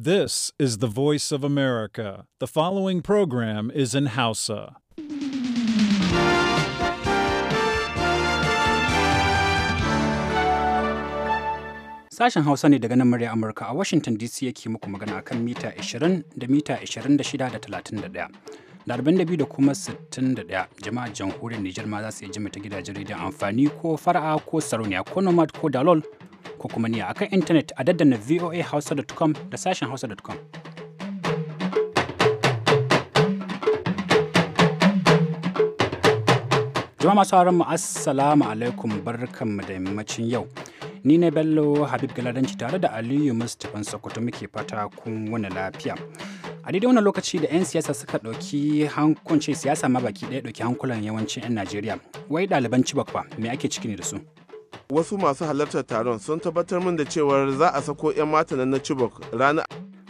This is the voice of America. The following program is in Hausa. Sashen Hausa ne daga nan murya Amurka a Washington DC yake muku magana akan mita 20 da mita 26 da 31. da 42 da kuma 61 Jama'a jamhuriyar Nijar ma za su iya jima ta gidajen rediyon amfani ko fara'a ko sarauniya ko nomad ko dalol ko kuma ni a kan intanet a daddana voahausa.com da sashen hausa.com. Jama masu mu assalamu alaikum barkan mu da yammacin yau. Ni ne Bello Habib Galadanci tare da Aliyu Mustapha Sokoto muke fata kun wani lafiya. a daidai wannan lokaci da 'yan siyasa suka ɗauki hankunci siyasa ma baki ɗaya ɗauki hankulan yawancin 'yan najeriya wai ɗaliban cibakwa ba me ake ciki ne da su wasu masu halartar taron sun tabbatar min da cewar za a sako 'yan mata na chibok ranar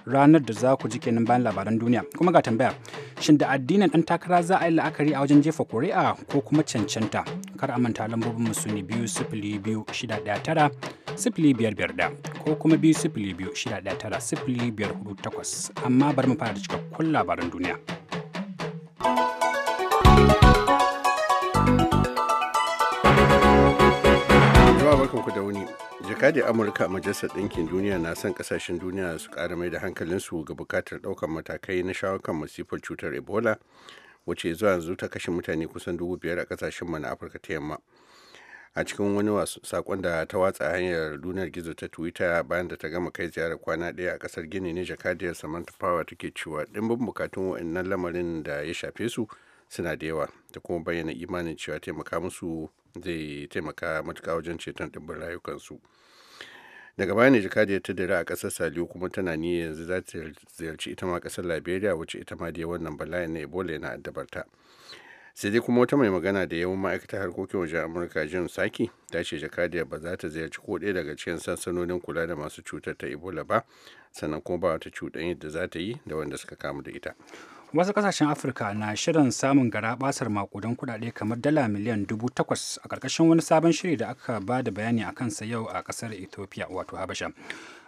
ranar da za ku ji kenan bayan labaran duniya kuma ga tambaya shin da addinin ɗan takara za a yi la'akari a wajen jefa kuri'a ko kuma cancanta kar a manta lambobin mu su ne biyu sifili biyu shida daya tara sifili biyar biyar da ko kuma biyu sifili biyu shida daya tara sifili biyar hudu takwas amma bari mu fara da cikakkun labaran duniya. barkanku da wuni jakadi amurka a majalisar ɗinkin duniya na son ƙasashen duniya su ƙara mai da hankalinsu ga bukatar ɗaukar matakai na shawo kan masifar cutar ebola wacce zuwa yanzu ta kashe mutane kusan dubu biyar a ƙasashen mana afirka ta yamma a cikin wani saƙon da ta watsa hanyar duniyar gizo ta twitter bayan da ta gama kai ziyarar kwana ɗaya a ƙasar gini ne jakadiyar samantha power take cewa ɗimbin bukatun wa'annan lamarin da ya shafe su suna da yawa da kuma bayyana imanin cewa taimaka musu zai taimaka matuka wajen ceton ɗimbin rayukansu daga baya ne jikadi ta dare a ƙasar saliyu kuma tana ni yanzu za ta ziyarci ita ma ƙasar liberia wacce ita ma da wannan bala'in na ebola yana addabarta sai dai kuma wata mai magana da yawan ma'aikatar harkokin wajen amurka jim saki ta ce jakadiyar ba za ta ziyarci ko ɗaya daga cikin sansanonin kula da masu cutar ta ebola ba sannan kuma ba wata cuɗanyar da za ta yi da wanda suka kamu da ita wasu kasashen afirka na shirin samun gara basar makudan kudade kamar dala miliyan dubu takwas a ƙarƙashin wani sabon shiri da aka ba da bayani a kansa yau a ƙasar ethiopia wato habasha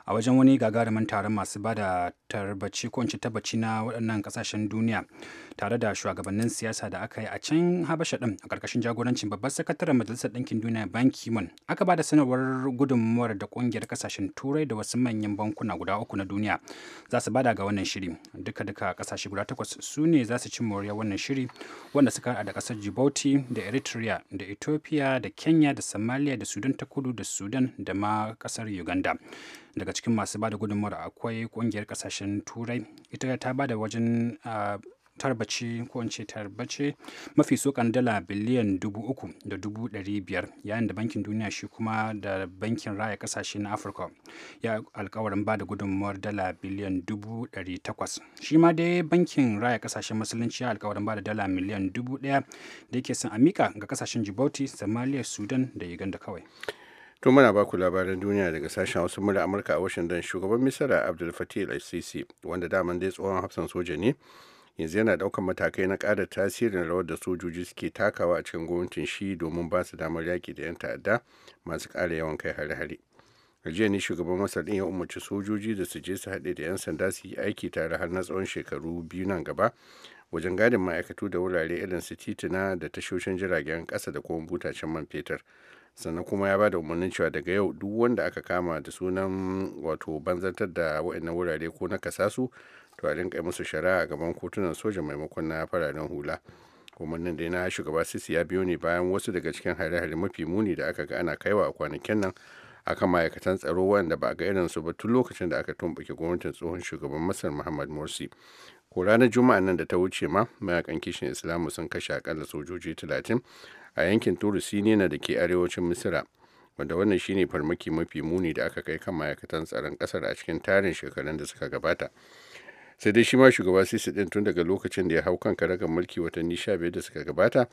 a wajen wani gagarumin taron masu ba da tarbaci ko tabbaci na waɗannan kasashen duniya tare da shugabannin siyasa da aka yi a can habasha din a karkashin jagorancin babban sakataren majalisar ɗinkin duniya ban kimon aka ba da sanarwar gudunmuwar da ƙungiyar kasashen turai da wasu manyan bankuna guda uku na duniya za su bada ga wannan shiri duka duka ƙasashe guda takwas su ne za su ci moriyar wannan shiri wanda suka hada da kasar djibouti da eritrea da ethiopia da kenya da somalia da sudan ta kudu da sudan da ma kasar uganda daga cikin masu ba da gudunmuwar akwai kungiyar kasashen turai ita ta ba da wajen ah, tarbace ko in ce tarbace mafi sokan dala biliyan dubu uku da dubu ɗari biyar yayin da bankin duniya shi kuma da bankin raya kasashe na afirka ya alkawarin ba da gudunmuwar dala biliyan dubu ɗari takwas shi ma dai bankin raya kasashen musulunci ya alkawarin ba da dala miliyan dubu ɗaya da yake son amika ga kasashen djibouti somalia sudan da uganda kawai to muna baku labaran duniya daga sashen wasu mura amurka a washington shugaban misira abdul fatih al-sisi wanda daman dai tsohon hafsan soja ne yanzu yana daukan matakai na kara tasirin rawar da sojoji suke takawa a cikin gwamnatin shi domin ba su damar yaki da 'yan ta'adda masu kara yawan kai hare-hare jiya ne shugaban masar ɗin ya umarci sojoji da su je su haɗe da 'yan sanda su yi aiki tare har na tsawon shekaru biyu nan gaba wajen gadin ma'aikatu da wurare irin su tituna da tashoshin jiragen kasa da kuma butacen man fetur sannan kuma ya bada umarnin cewa daga yau duk wanda aka kama da sunan wato banzantar da waɗannan wurare ko na kasasu to a rinka musu shari'a a gaban kotunan soja maimakon na fararen hula umarnin da na shugaba sisi ya biyo ne bayan wasu daga cikin hare-hare mafi muni da aka ga ana kaiwa a kwanakin nan akan ma'aikatan tsaro wanda ba ga irin su ba tun lokacin da aka tumbuke gwamnatin tsohon shugaban masar muhammad morsi ko ranar juma'a nan da ta wuce ma mayakan kishin islamu sun kashe akalla sojoji talatin a yankin turusi ne na da ke arewacin misira wanda wannan shine farmaki mafi muni da aka kai kan ma'aikatan tsaron kasar a cikin tarin shekarun da suka gabata sai dai shi ma shugaba sisi din tun daga lokacin da ya hau kan karagar mulki watanni sha biyar da suka gabata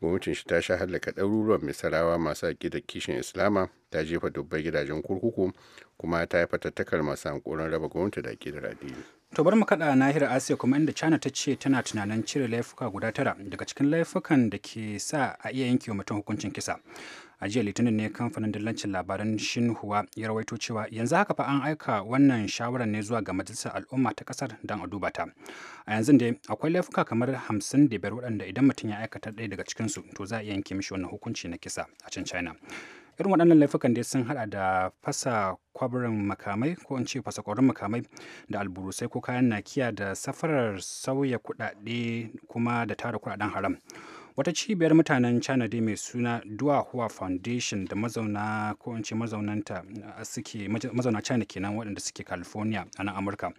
gwamnatin shi ta sha hallaka ɗaruruwan misalawa masu aƙidar kishin islama ta jefa dubbai gidajen kurkuku kuma ta yi fatattakar masu hankoron raba gwamnati da aƙidar addini to bar mu kaɗa nahiyar asiya kuma inda china ta ce tana tunanin cire laifuka guda tara daga cikin laifukan da ke sa a iya yanke mutum hukuncin kisa a jiya litinin ne kamfanin dillancin labaran shinhuwa ya rawaito cewa yanzu haka fa an aika wannan shawarar ne zuwa ga majalisar al'umma ta kasar don a duba ta a yanzu dai akwai laifuka kamar hamsin da biyar waɗanda idan mutum ya aikata ɗaya daga cikinsu to za a iya yanke mishi wannan hukunci na kisa a can china irin waɗannan laifukan dai sun hada da fasa kwabirin makamai ko in ce fasa kwarin makamai da alburusai ko kayan nakiya da safarar sauya kuɗaɗe kuma da tara kuɗaɗen haram wata cibiyar mutanen china dai mai suna hua foundation da mazauna ko in ce mazaunanta suke mazauna china kenan waɗanda suke california a nan amurka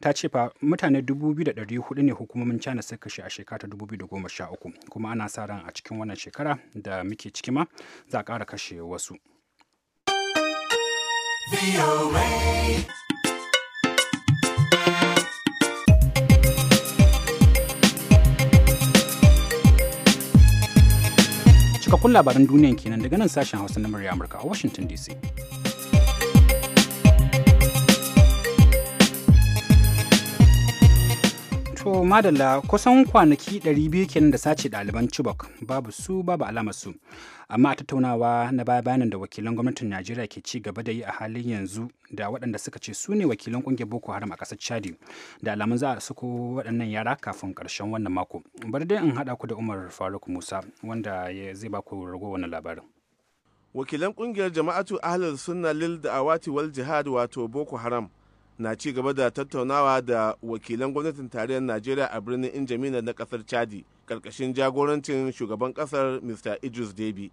ta ce fa mutane 2,400 ne hukumomin china suka kashe a shekara ta 2013 kuma ana sa ran a cikin wannan shekara da muke ciki ma za a ƙara kashe wasu. kun labaran duniyan kenan daga nan sashen hausa na murya amurka a washington dc To madalla kusan kwanaki 200 kenan da sace ɗaliban Chibok babu su babu alamar su. Amma a tattaunawa na baya bayanan da wakilan gwamnatin Najeriya ke ci gaba da yi a halin yanzu da waɗanda suka ce su ne wakilan ƙungiyar Boko Haram a ƙasar Chadi da alamun za a suko waɗannan yara kafin ƙarshen wannan mako. Bari dai in haɗa ku da Umar Faruk Musa wanda zai ba ku wannan labarin. Wakilan ƙungiyar Jama'atu Ahlul Sunna Lil Da'awati Wal Jihad wato Boko Haram na ci gaba da tattaunawa da wakilan gwamnatin tarayyar najeriya a birnin injamina na kasar chadi karkashin jagorancin shugaban kasar mr idris debi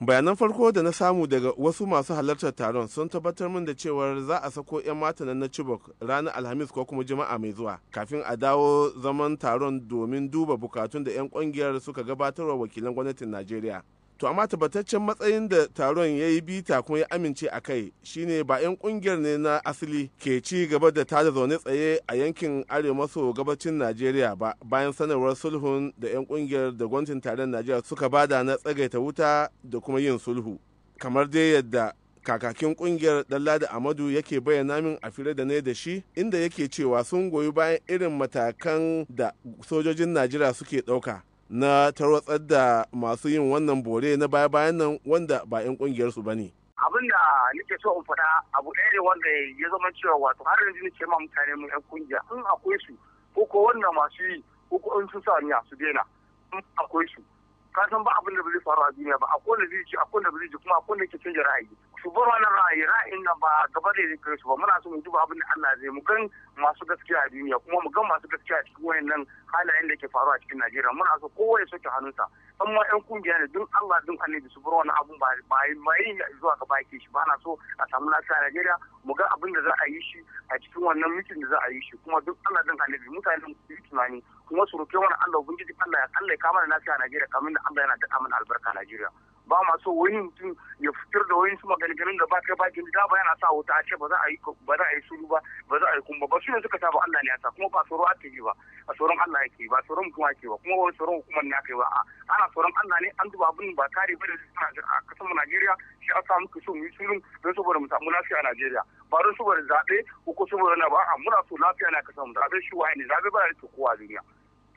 bayanan farko da na samu daga wasu masu halartar taron sun tabbatar min da cewar za a sako 'yan matanan na chibok ranar alhamis ko kuma juma'a mai zuwa kafin a dawo zaman taron domin duba bukatun da 'yan kungiyar suka gabatarwa wakilan gwamnatin najeriya to amma tabbataccen matsayin da taron ya yi bita kuma ya amince a kai shine ba 'yan kungiyar ne na asali ke ci gaba da tada zaune tsaye a yankin arewa maso gabacin najeriya ba bayan sanarwar sulhun da 'yan kungiyar da gwamnatin taron najeriya suka bada na tsagaita wuta da kuma yin sulhu kamar dai yadda kakakin kungiyar dallada amadu yake bayyana min a fira da ne da shi inda yake cewa sun goyi bayan irin matakan da sojojin najeriya suke ɗauka na tarwatsar da masu yin wannan bore na baya-bayan nan wanda ba 'yan kungiyar ba ne. abin da nake so in faɗa abu ɗaya ne wanda ya zama cewa wato har yanzu ke ma mutane mu yan kungiya in akwai su ko ko wannan masu yi ko ko in su sa su daina in akwai su ka san ba abin da ba zai faru a duniya ba akwai da zai ji akwai da ba zai ji kuma akwai ke canja ra'ayi su bar wannan ra'ayi ra'ayin na ba gaba da zai kai ba muna so mu duba abin da Allah zai mu gan masu gaskiya a duniya kuma mu gan masu gaskiya a cikin wayannan halayen da ke faruwa a cikin Najeriya muna so kowa ya soke hannunsa an ma yan kungiya ne don Allah don da su bar wani abun ba ba yi zuwa ga baki shi ba na so a samu lafiya a Najeriya mu ga abin da za a yi shi a cikin wannan mitin da za a yi shi kuma duk Allah don da mutanen mu yi tunani kuma su roƙi wani Allah ubangiji Allah ya Allah ya kama da lafiya a Najeriya kamar da Allah yana da mana albarka a Najeriya. ba ma so wani mutum ya fitar da wani su maganganun da ba kai ba da ba yana sa wuta a ce ba za a yi ba za a yi suru ba ba za a yi kuma ba su ne suka sa ba Allah ne ya sa kuma ba tsoro ake yi ba a tsoron Allah yake ba tsoron mutum ake ba kuma wani tsoron hukumar ne ake ba a ana tsoron Allah ne an duba abin ba kare ba da a kasar Najeriya shi aka muka so mu yi sulun don saboda mu samu lafiya a Najeriya ba don saboda zaɓe ko saboda na ba a muna so lafiya na kasar mu zaɓe shi waye ne zaɓe ba da kowa duniya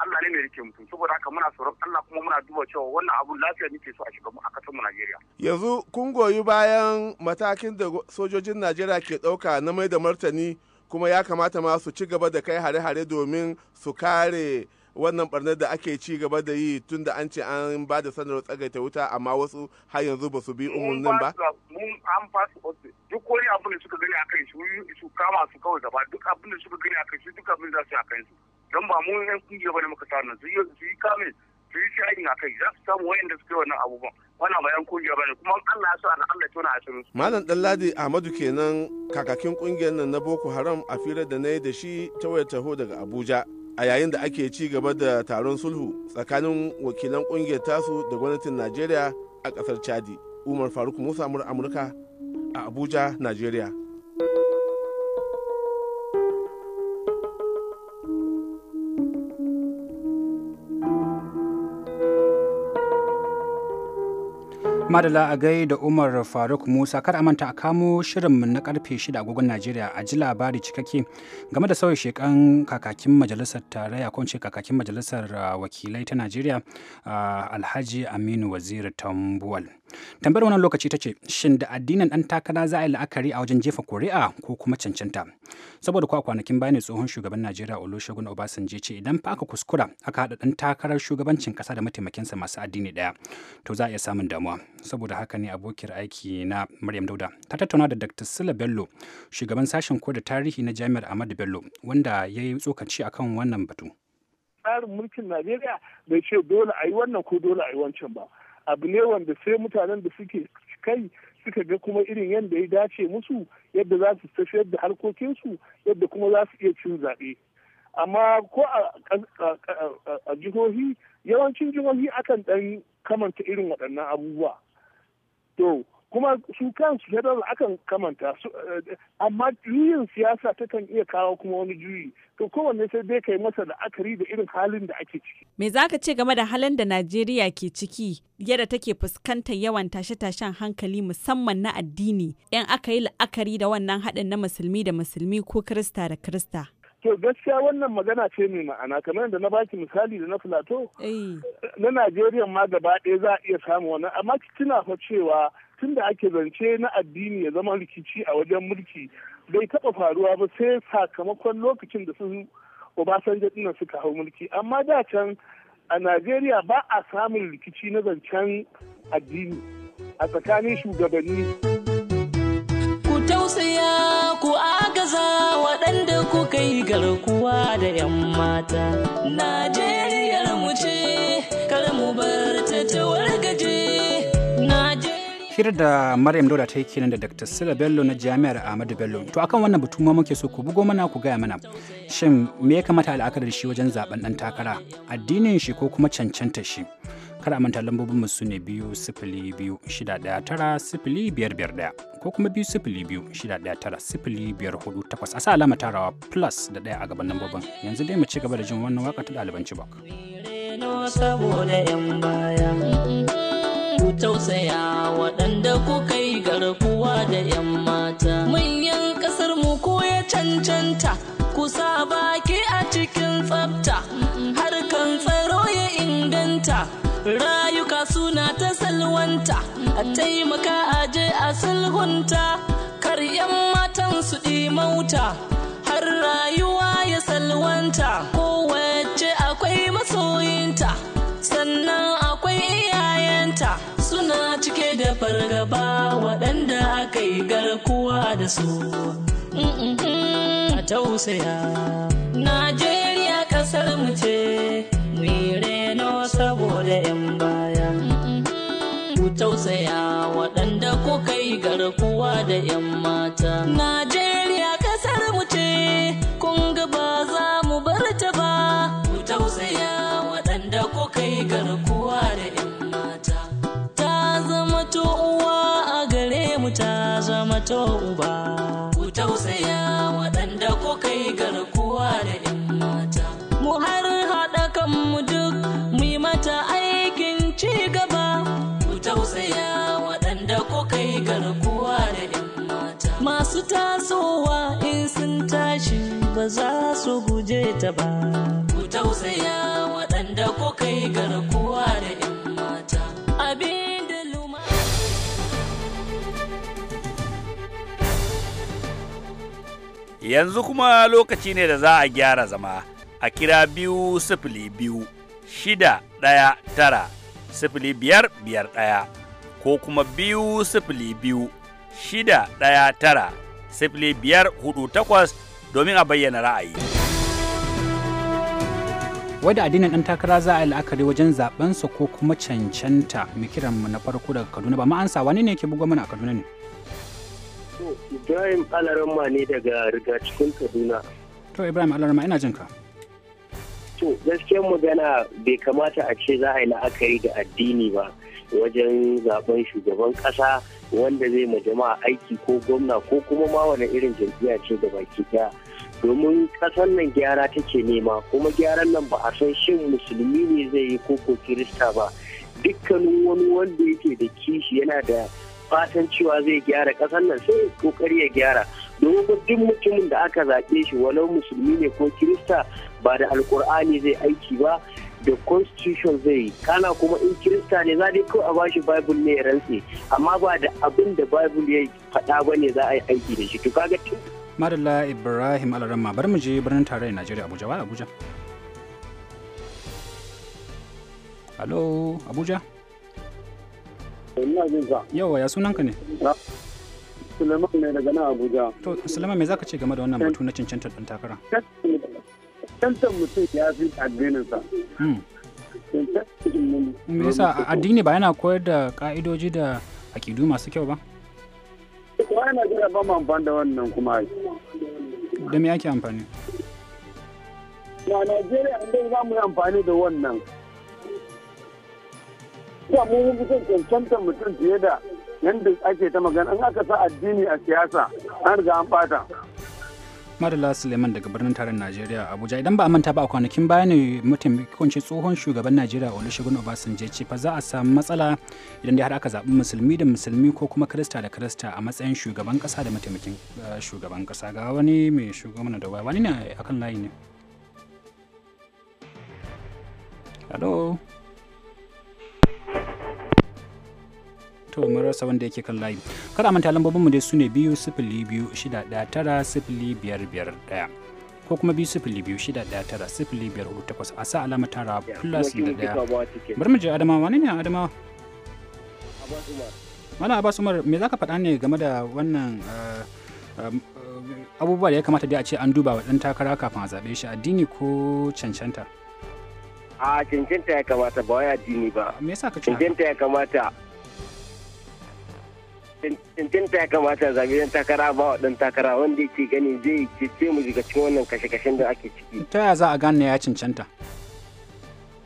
Allah ne mai rike mutum saboda haka muna tsoron Allah kuma muna duba cewa wannan abun lafiya ne ke so a shiga mu a kasar mu Najeriya yanzu kun goyi bayan matakin da sojojin Najeriya ke dauka na mai da martani kuma ya kamata ma su ci gaba da kai hare-hare domin su kare wannan barnar da ake ci gaba da yi tun da an ce an ba da sanarwar tsagaita wuta amma wasu har yanzu ba su bi umarnin ba? Mun an su wasu duk wani abin da suka gani a kai su kama su kawai gaba duk abin da suka gani a kai su duk abin da su a kai su. don ba mu yan kungiya bane muka sa nan su yi kamin su yi shayin a kai za su samu wayanda suke wannan abubuwan wannan ba yan kungiya bane kuma Allah ya so an Allah tona asirin su malam Dalladi Ahmadu kenan kakakin kungiyar nan na Boko Haram a firar da na yi da shi ta wayar taho daga Abuja a yayin da ake ci gaba da taron sulhu tsakanin wakilan kungiyar tasu da gwamnatin Najeriya a kasar Chadi Umar Faruk Musa Amurka a Abuja, Najeriya. Madala a gai da Umar Faruk Musa kar a manta a kamo shirinmu na karfe 6 agogon Najeriya a ji labari cikakke game da sauyi shekan kakakin majalisar tarayya ko ce kakakin majalisar ah, wakilai ta Najeriya ah, Alhaji Aminu Waziri Tambuwal. tambayar wannan lokaci ta ce shin da addinin dan takara za a yi la'akari a wajen jefa kuri'a ko kuma cancanta saboda kwa kwanakin bayan tsohon shugaban najeriya olusegun obasanjo ce idan fa aka kuskura aka haɗa dan takarar shugabancin ƙasa da mataimakinsa masu addini ɗaya to za a iya samun damuwa saboda haka ne abokiyar aiki na maryam dauda ta tattauna da dr sila bello shugaban sashen ko da tarihi na jami'ar ahmadu bello wanda ya yi tsokaci akan wannan batu tsarin mulkin najeriya bai ce dole a yi wannan ko dole a yi wancan ba abu ne wanda sai mutanen da suke kai suka ga kuma irin yadda ya dace musu yadda za su tafiyar da harkokinsu yadda kuma za su iya cin zaɓe amma ko a jihohi yawancin jihohi akan ɗan kamanta irin waɗannan abubuwa to kuma su kansu federal akan kamanta eh, amma yin siyasa ta kan iya kawo kuma wani juyi to kowanne sai dai kai masa la'akari da irin halin da ake ciki me zaka ce game da halin da Najeriya ke ciki yadda take fuskantar yawan tashe-tashen hankali musamman na addini yan aka yi la'akari da wannan haɗin na musulmi da musulmi ko krista da krista. to gaskiya wannan magana ce mai ma'ana kamar yadda na baki misali da na filato eh. na najeriya ma gaba ɗaya za a iya samu wannan amma kina fa cewa tun da ake zance na addini ya zama rikici a wajen mulki bai taɓa faruwa ba sai sakamakon lokacin da su obasanjo dinnan suka hau mulki amma da can a najeriya ba a samun rikici na zancen addini a tsakanin shugabanni ku tausaya ku agaza waɗanda ku kai garkuwa da 'yan mata najeriya hirar da Maryam Dauda ta yi kenan da Dr. Sila Bello na Jami'ar Ahmadu Bello. To akan wannan batu ma muke so ku bugo mana ku gaya mana. Shin me ya kamata al'akar da shi wajen zaben dan takara? Addinin shi ko kuma cancanta shi? Kada manta lambobin mu su ne biyu sifili biyu shida ɗaya tara sifili biyar biyar ɗaya ko kuma biyu sifili biyu shida ɗaya tara sifili biyar hudu takwas a sa alama tarawa plus da ɗaya a gaban lambobin yanzu dai mu ci gaba da jin wannan waka ta ɗaliban Chibok. Saboda 'yan baya. ku tausaya waɗanda ku kai garkuwa da 'yan mata manyan ƙasar mu ko ya cancanta ku sa baki a cikin tsafta harkan tsaro ya inganta rayuka suna ta salwanta a taimaka a je a sulhunta kar 'yan matan su mauta har rayuwa ya salwanta kowace akwai masoyinta sannan kai garkuwa da su a tausaya najeriya kasar mu ce mu reno saboda 'yan baya ku tausaya waɗanda kuka yi garkuwa da 'yan mata to uba ku tausaya waɗanda ku kai garkuwa da 'yan mata mu har haɗa kanmu duk mu yi mata aikin ci gaba ku tausaya waɗanda ku kai garkuwa da 'yan mata masu tasowa in sun tashi ba za su guje ta ba ku tausaya waɗanda ku kai garkuwa da yanzu kuma lokaci ne da za a gyara zama a kira biyu sifili biyu shida ɗaya tara sifili biyar biyar ɗaya ko kuma biyu sifili biyu shida ɗaya tara sifili biyar hudu takwas domin a bayyana ra'ayi. Wadda addinin ɗan takara za a yi la'akari wajen zaɓensa ko kuma cancanta mai na farko daga Kaduna ba ma'ansa wani ne ke buga mana a Kaduna ne? Ibrahim alarama ne daga riga cikin Kaduna. To Ibrahim alarama ina jinka To gaskiyar magana bai kamata a ce za a yi la'akari da addini ba wajen zaben shugaban ƙasa wanda zai ma jama'a aiki ko gwamna ko kuma ma wani irin jam'iyya ce da baki daya. domin ƙasar nan gyara take nema kuma gyaran nan ba a san shin musulmi ne zai yi ko ko kirista ba dukkanin wani wanda yake da kishi yana da fatan cewa zai gyara ƙasar nan sai kokari ya gyara domin duk mutumin da aka zaɓe shi walau musulmi ne ko kirista ba da alkur'ani zai aiki ba da constitution zai yi kana kuma in kirista ne za dai kawai a bashi bible ne ya rantse amma ba da abin da bible ya faɗa ba ne za a yi aiki da shi to kaga tun madalla ibrahim alarama bar mu je birnin tarayyar najeriya abuja wa abuja Hello, Abuja. ya sunan ka. Yawa ya sunanka ne? Suleiman ne daga nan Abuja. To Suleiman me zaka ce game da wannan batu na cancanta dan takara? Cancantar mutum ya fi addininsa. Hmm. Me yasa addini ba yana koyar da ka'idoji da akidu masu kyau ba? Kuma yana jira ba mu amfani da wannan kuma. Da me ake amfani? Na Najeriya inda za mu yi amfani da wannan. da mu mun san cancanta mutum fiye da yadda ake ta magana in aka sa addini a siyasa an riga an fata. Madala Suleiman daga birnin taron Najeriya Abuja idan ba a manta ba a kwanakin baya ne mutum tsohon shugaban Najeriya Olusegun Obasanjo ce fa za a samu matsala idan dai har aka zaɓi musulmi da musulmi ko kuma kirista da kirista a matsayin shugaban ƙasa da mataimakin eh, shugaban ƙasa ga wani mai shugaban da wani ne akan layi ne. to mun rasa wanda yake kan layi kada manta lambobinmu dai su ne biyu sifili biyu shida ɗaya tara sifili biyar biyar ɗaya ko kuma biyu sifili biyu shida ɗaya tara sifili biyar hudu takwas a sa alama tara plus da ɗaya bari mu je adama wani ne adama mana abbas umar me zaka faɗa ne game da wannan eh, eh, abubuwa da ya kamata dai a ce an duba wa ɗan takara kafin a zaɓe shi addini ko cancanta a cancanta ya kamata ba wai addini ba me yasa ka cancanta ya kamata cancanta ya kamata zaɓe dan takara ba wa dan takara wanda yake gani zai cece mu daga cikin wannan kashe-kashen da ake ciki. Ta yaya za a gane ya cancanta?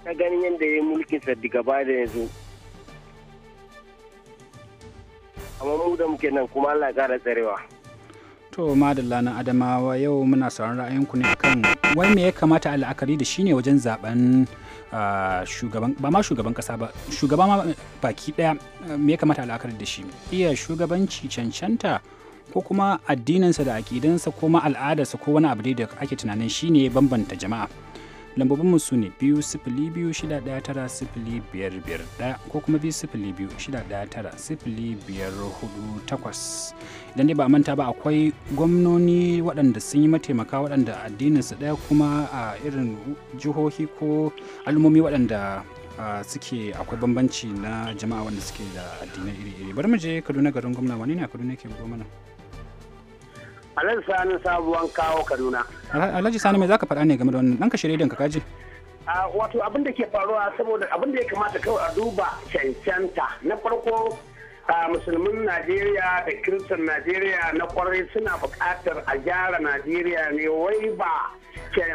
Ta ganin yadda ya yi mulkin sa daga baya da yanzu. Amma mu da muke nan kuma Allah ya ƙara tsarewa. To madalla lanin Adamawa yau muna sauran ra'ayinku ne kan wai me ya kamata a la'akari da shine wajen zaben ah, shugaban ba ma shugaban kasa ba shugaba ma baki daya eh, me ya kamata a la'akari da shi iya shugabanci cancanta ko kuma addininsa da aƙidansa ko ma al'adarsa ko wani abu da ake tunanin shi shine bambanta jama'a. lambobinmu su ne biyu sifili biyu shida ɗaya tara sifili biyar biyar ɗaya ko kuma biyu sifili biyu shida ɗaya tara sifili biyar hudu takwas idan dai ba manta ba akwai gwamnoni waɗanda sun yi mataimaka waɗanda addininsu ɗaya kuma a irin jihohi ko al'ummomi waɗanda suke akwai bambanci na jama'a wanda suke da addinai iri-iri bari mu je kaduna garin gwamna wani ne a kaduna ke mana. Alhaji Sani sabuwan kawo Kaduna. Alhaji Sani me zaka faɗa ne game da wannan ɗan ka rediyon ka kaji. wato abin da ke faruwa saboda abin da ya kamata kawai a duba cancanta na farko musulmin najeriya da kiristan najeriya na kwarai suna buƙatar a gyara najeriya ne wai ba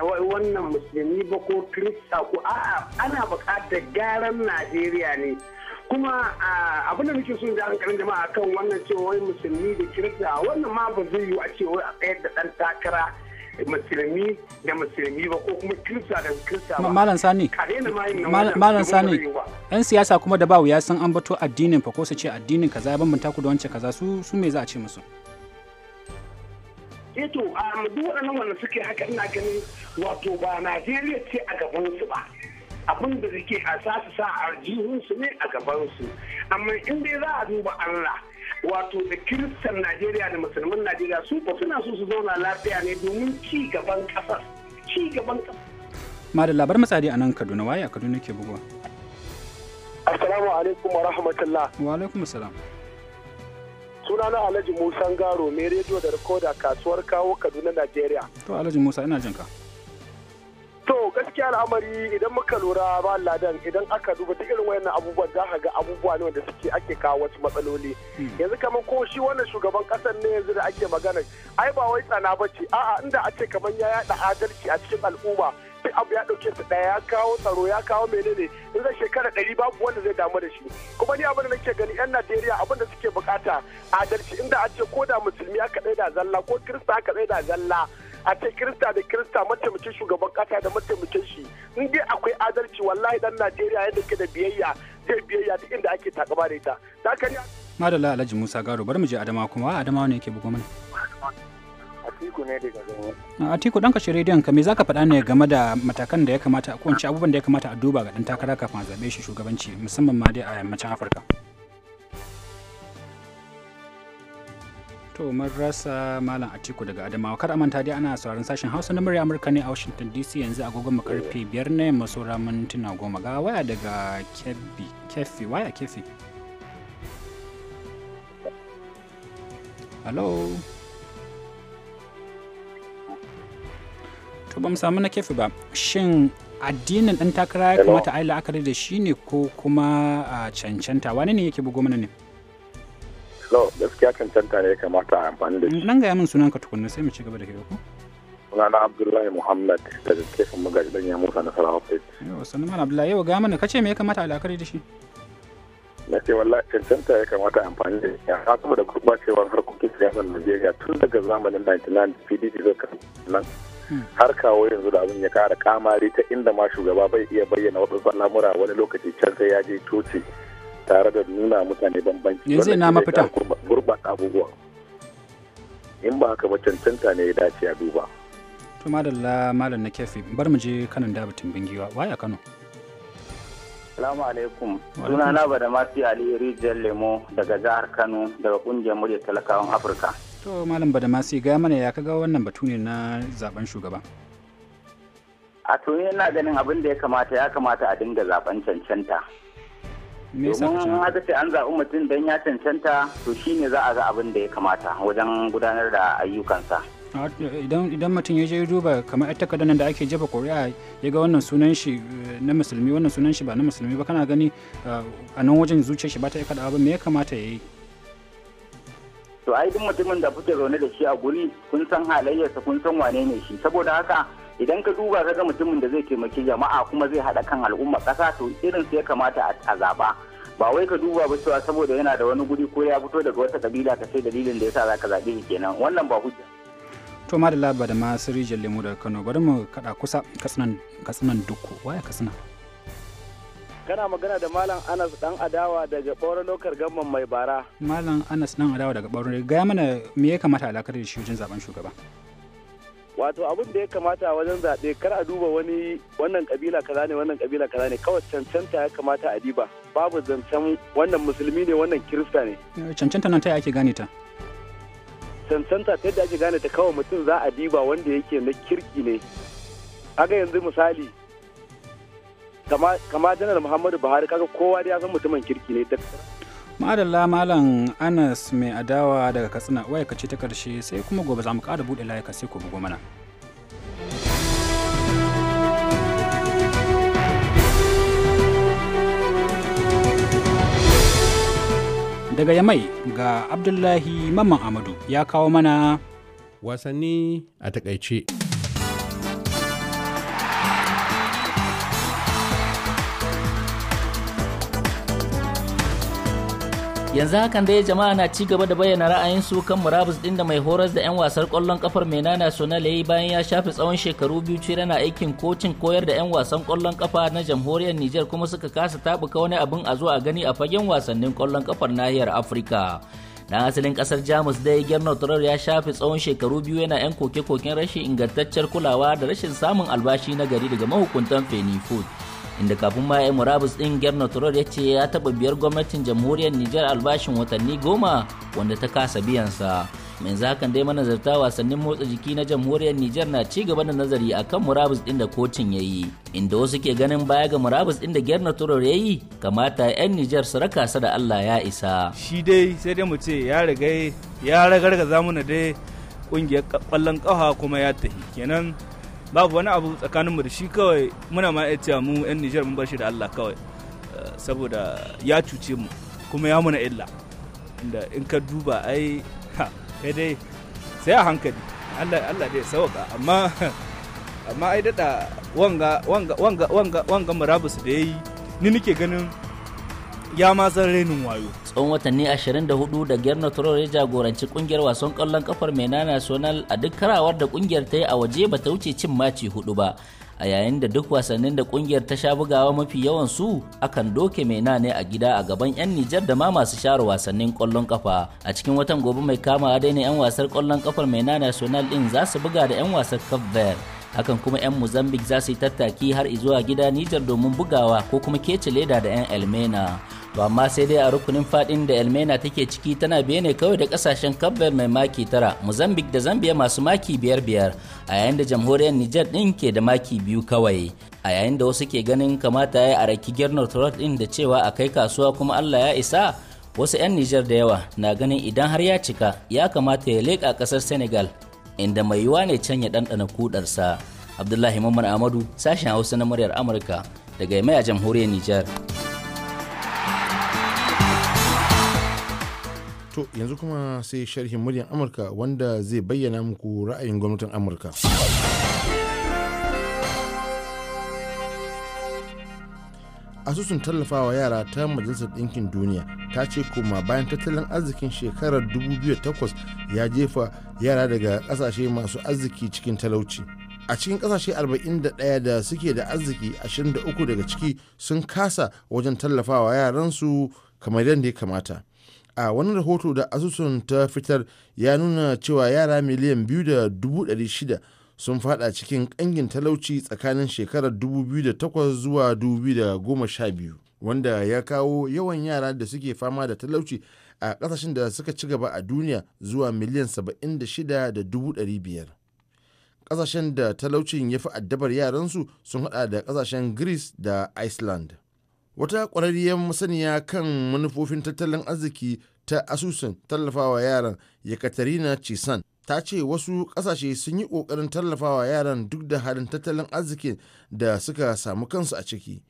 wai wannan musulmi ba ko kirista ko a'a ana bukatar gyaran najeriya ne kuma abin da nake so in ji hankalin jama'a kan wannan cewa wai musulmi da kirista wannan ma ba zai yiwu a ce wai a tsayar da dan takara musulmi da musulmi ba ko kuma kirista da kirista ba malam sani malam sani yan siyasa kuma da ba wuya an ambato addinin fa ko su ce addinin kaza ya bambanta taku da wancan kaza su su me za a ce musu eto eh a duk waɗannan wanda suke haka ina ganin wato ba Najeriya ce a gaban su ba abin da suke a sa su sa a jihunsu ne a gabansu amma in dai za a duba Allah wato da kiristan Najeriya da musulman Najeriya su ba suna so su zauna lafiya ne domin ci gaban kasar ci gaban kasar Madalla labar matsadi a nan Kaduna waye a Kaduna ke bugawa Assalamu alaikum wa rahmatullah Wa alaikum assalam sunana Alhaji Musa Garo mai rediyo da rikoda kasuwar kawo Kaduna Najeriya To Alhaji Musa ina jinka To gaskiya al'amari idan muka lura ba ladan idan aka duba duk irin wayannan abubuwan za ka ga abubuwa ne wanda suke ake kawo wasu matsaloli. Hmm. Yanzu kamar ko shi wannan shugaban kasar ne yanzu da ake magana ai ba wai tsana ba ce a'a inda a ce kamar ya yada adalci a cikin al'umma duk abu ya dauke su daya ya kawo tsaro ya kawo menene in zai shekara ɗari babu wanda zai damu da shi kuma ni abin da nake gani yan najeriya abin da suke bukata adalci inda a ce ko da musulmi aka ɗaya da zalla ko kirista aka ɗaya da zalla a ce kirista da kirista mataimakin shugaban kasa da mataimakin shi in dai akwai adalci wallahi dan najeriya yadda ke da biyayya zai biyayya duk inda ake takaba da ita da madalla alhaji musa garo bari mu je adama kuma adama ne yake bugo mana Atiku ɗan kashe rediyon ka me zaka faɗa ne game da matakan da ya kamata ko abubuwan da ya kamata a duba ga ɗan takara kafin a zaɓe shi shugabanci musamman ma dai a yammacin Afirka. to mun rasa malam atiku daga adamawa kar manta dai ana sauraron sashen hausa na murya amurka ne a washington dc yanzu agogon mu karfe biyar ne ramin mintuna goma ga waya daga kebbi kefi waya kefi hello to ba mu samu na kefi ba shin addinin dan takara ya kamata a yi la'akari da shi ne ko kuma a ah, cancanta wani ne yake bugo mana ne so gaskiya cancanta ne ya kamata a amfani da shi nan gaya min sunanka tukunna sai mu ci gaba da hira ku sunana abdullahi muhammad daga kefin magaji dan ya musa na sarawa fai yau sannu mana abdullahi yau ga mana kace me ya kamata alakari da shi na ce wallahi cancanta ya kamata amfani da shi ya a saboda gurɓacewar harkokin siyasar najeriya tun daga zamanin 99 pdp zai kan nan hmm. har kawo yanzu da abin ya kara kamari ta inda ma shugaba bai iya bayyana waɗansu al'amura wani lokaci can sai ya je coci tare da nuna mutane bambanci yanzu ina mafita gurɓata abubuwa in ba haka ba cancanta ne ya dace a duba to madalla malam na kefi bar mu je kanan dabitin bingiwa waya kano Salamu alaikum. Suna na bada masu Ali Rijiyar Lemo daga jihar Kano daga kungiyar murya talakawan Afirka. To Malam bada masu ga mana ya kaga wannan batu ne na zaben shugaba. A to yana ganin abin da ya kamata ya kamata a dinga zaben cancanta. domin haka ce an zaɓi mutum don ya cancanta to shi ne za a ga abin da ya kamata wajen gudanar da ayyukansa ah, idan mutum ya je duba kamar takarda da ake jefa kuri'a ya ga wannan sunan shi eh, na musulmi wannan sunan shi ba na musulmi ba kana gani ah, a nan wajen zuciyar shi ba ta yi abin me ya kamata ya yi to ai duk mutumin da kuke zaune da shi a guri kun san halayyarsa kun san wane ne shi saboda haka idan ka duba ka ga mutumin da zai taimaki jama'a kuma zai haɗa kan al'umma kasa to irin su ya kamata a zaɓa ba wai ka duba ba cewa saboda yana da wani guri ko ya fito daga wata kabila ka sai dalilin da yasa zaka zabe shi kenan wannan ba hujja to ma da laba da sirri jalle lemu daga kano bari mu kaɗa kusa katsinan katsinan dukku waya katsina kana magana da malam anas dan adawa daga ɓauren lokar gamman mai bara malam anas dan adawa daga ɓauren gaya mana me ya kamata alakar da shi wajen zaben shugaba wato abin da ya kamata a wajen zaɓe kar a duba wani wannan kabila kaza ne wannan kabila kaza ne kawai cancanta ya kamata a diba babu zancen wannan musulmi ne wannan kirista ne eh, cancanta nan ta ake gane ta cancanta ta yadda ake gane ta kawai mutum za a diba wanda yake na kirki ne kaga yanzu misali kama janar muhammadu buhari kaga kowa da ya san mutumin kirki ne madalla malam anas mai adawa daga katsina waya kace ta karshe sai kuma gobe za mu ƙara bude layuka sai ku bugo mana daga yamai ga abdullahi mamman amadu ya kawo mana wasanni a takaice. yanzu hakan dai jama'a na ci gaba da bayyana ra'ayinsu kan murabus din da mai horas da 'yan wasar kwallon kafar mena national ya yi bayan ya shafe tsawon shekaru biyu cire na aikin kocin koyar da 'yan wasan kwallon kafa na jamhuriyar niger kuma suka kasa tabuka wani abin a zo a gani a fagen wasannin kwallon kafar nahiyar afirka dan asalin kasar jamus dai gernot Turar ya shafe tsawon shekaru biyu yana 'yan koke-koken rashin ingantaccen kulawa da rashin samun albashi na gari daga mahukuntan fenifood inda kafin ma ya murabus din Gerno Turor ya ce ya taɓa biyar gwamnatin jamhuriyar niger albashin watanni goma wanda ta kasa biyansa. Mai zakan dai manazarta wasannin motsa jiki na jamhuriyar niger na ci gaba da nazari akan murabus ɗin da kocin ya yi, inda wasu ke ganin baya ga murabus ɗin da Gerno Turor ya yi kamata 'yan niger su raka sa da Allah ya isa. Shi dai sai dai mu ce ya riga ya ragargaza mana dai ƙungiyar kwallon ƙafa kuma ya tafi kenan babu wani abu tsakaninmu da shi kawai muna ma iya cewa mu 'yan nijar mun bar shi da allah kawai eh, saboda ya cuce mu kuma ya muna illa inda in ka duba ai ha dai sai a hankali allah allah dai sauka amma amma ai daɗa wanga wanga wanga wanga murabus da ya yi ni nake ganin ya matsar renin wayo. Tsawon watanni 24 da Gerno Toro ya jagoranci kungiyar wasan kwallon kafar Mena National a duk karawar da kungiyar ta yi a waje ba ta wuce cin maci hudu ba. A yayin da duk wasannin da kungiyar ta sha bugawa mafi yawan su akan doke na ne a gida a gaban 'yan Nijar da ma masu share wasannin kwallon kafa. A cikin watan gobe mai kama dai 'yan wasar kwallon kafar Mena National din za su buga da 'yan wasar Cape hakan kuma 'yan mozambique za su yi tattaki har zuwa gida nijar domin bugawa ko kuma kece leda da 'yan elmena to amma sai dai a rukunin fadin da elmena take ciki tana biye ne kawai da kasashen kabbar mai maki tara mozambique da zambia masu maki biyar biyar a yayin da jamhuriyar nijar din ke da maki biyu kawai a yayin da wasu ke ganin kamata ya a raki Gernot trot din da cewa a kai kasuwa kuma allah ya isa wasu 'yan nijar da yawa na ganin idan har ya cika ya kamata ya leƙa ƙasar senegal inda mai yiwa ne can ya ɗanɗana kudarsa abdullahi mamman amadu sashen hausa na muryar amurka daga mai a jamhuriyar nijar to yanzu kuma sai sharhin muryar amurka wanda zai bayyana muku ra'ayin gwamnatin amurka asusun tallafawa yara ta majalisar ɗinkin duniya ta ce koma bayan tattalin arzikin shekarar 2008 ya jefa yara daga kasashe masu arziki cikin talauci a cikin kasashe 41 da suke da arziki 23 daga ciki sun kasa wajen tallafawa yaransu kamar yadda ya kamata a wani rahoto da asusun ta fitar ya nuna cewa yara miliyan 2,600 sun fada cikin kangin talauci tsakanin shekarar 2008 zuwa 2012 wanda ya kawo yawan yara da suke fama da talauci a kasashen da suka ci gaba a duniya zuwa miliyan 76,500 kasashen da talaucin ya fi addabar yaransu sun hada da kasashen greece da iceland wata ƙwararriyar masaniya kan manufofin tattalin arziki ta asusun tallafawa yaran yekaterina chisan ta ce wasu ƙasashe sun yi ƙoƙarin tallafawa yaran duk da halin tattalin arzikin da suka samu kansu a ciki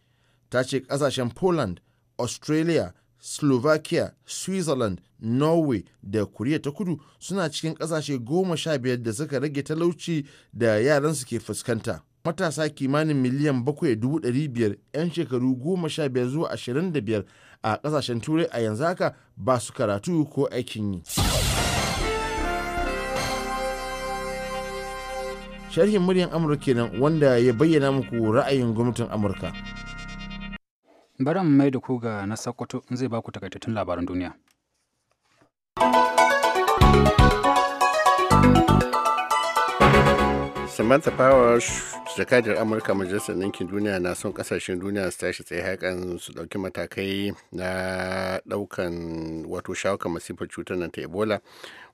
ta ce ƙasashen poland australia slovakia switzerland norway da koriya ta kudu suna cikin ƙasashe goma sha biyar da suka rage talauci da yaransu ke fuskanta matasa kimanin miliyan bakwai 'yan shekaru goma sha zuwa ashirin da biyar a ƙasashen turai a yanzu haka ba su karatu ko aikin yi sharhin muryan amurka kenan wanda ya bayyana muku ra'ayin gwamnatin amurka Bari mai da ku ga na Sokoto zai ba ku takaitattun labaran duniya. Samantha Powers jakadar amurka majalisar ɗinkin duniya na son ƙasashen duniya su tashi tsaye haƙan su ɗauki matakai na ɗaukan wato shawaka masifar cutar nan ta ebola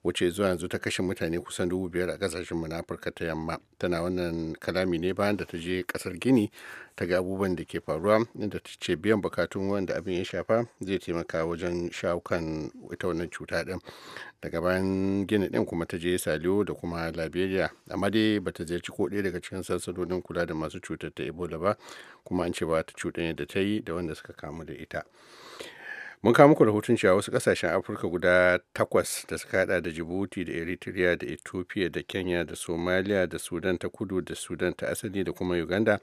wacce zuwa yanzu ta kashe mutane kusan dubu biyar a ƙasashen mu na afirka ta yamma tana wannan kalami ne bayan da ta je ƙasar gini ta ga abubuwan da ke faruwa inda ta ce biyan bukatun wanda abin ya shafa zai taimaka wajen shawo ita wannan cuta ɗin daga bayan gini din kuma ta je saliyo da kuma liberia amma dai ba ta ziyarci ko ɗaya daga cikin sansanonin kula da masu cutar ta ebola ba kuma an ce ba ta ne da ta yi da wanda suka kamu da ita mun kama muku rahoton cewa wasu kasashen afirka guda takwas da suka hada da djibouti da eritrea da ethiopia da kenya da somalia da sudan ta kudu da sudan ta asali da kuma uganda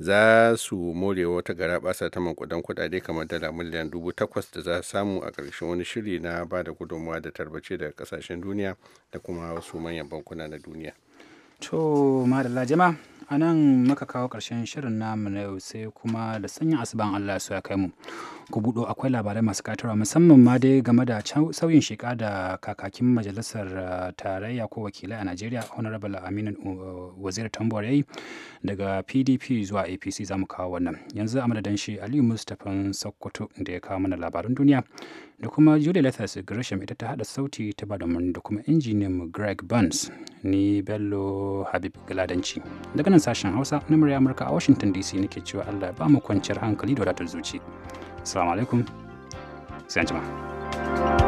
za su more wata basa ta mankudan kuɗaɗe kamar dala miliyan dubu takwas da za samu a ƙarshen wani shiri na ba da gudunmawa da tarbace daga ƙasashen duniya da kuma wasu manyan bankuna na duniya. To, madalla jama'a a nan muka kawo ƙarshen shirin namu na yau sai kuma da sanyin asuban Allah su ya kai mu. Ku buɗo akwai labarai masu katarwa musamman ma dai game da sauyin sheka da kakakin majalisar eh, tarayya ko wakilai a Najeriya Honorable Aminu uh, Wazir Tambuwar yayi daga PDP zuwa APC za mu kawo wannan. Yanzu a madadin shi Aliyu Mustapha Sokoto da ya kawo mana labarin duniya da kuma julia Lathas Gresham ita ta hada sauti ta bada murni da kuma injiniyan mu Greg Burns ni Bello Habib Galadanci daga nan sashen Hausa na murya Amurka a Washington DC nake cewa Allah ba mu kwanciyar hankali da wadatar zuci. Assalamu alaikum. Sai an jima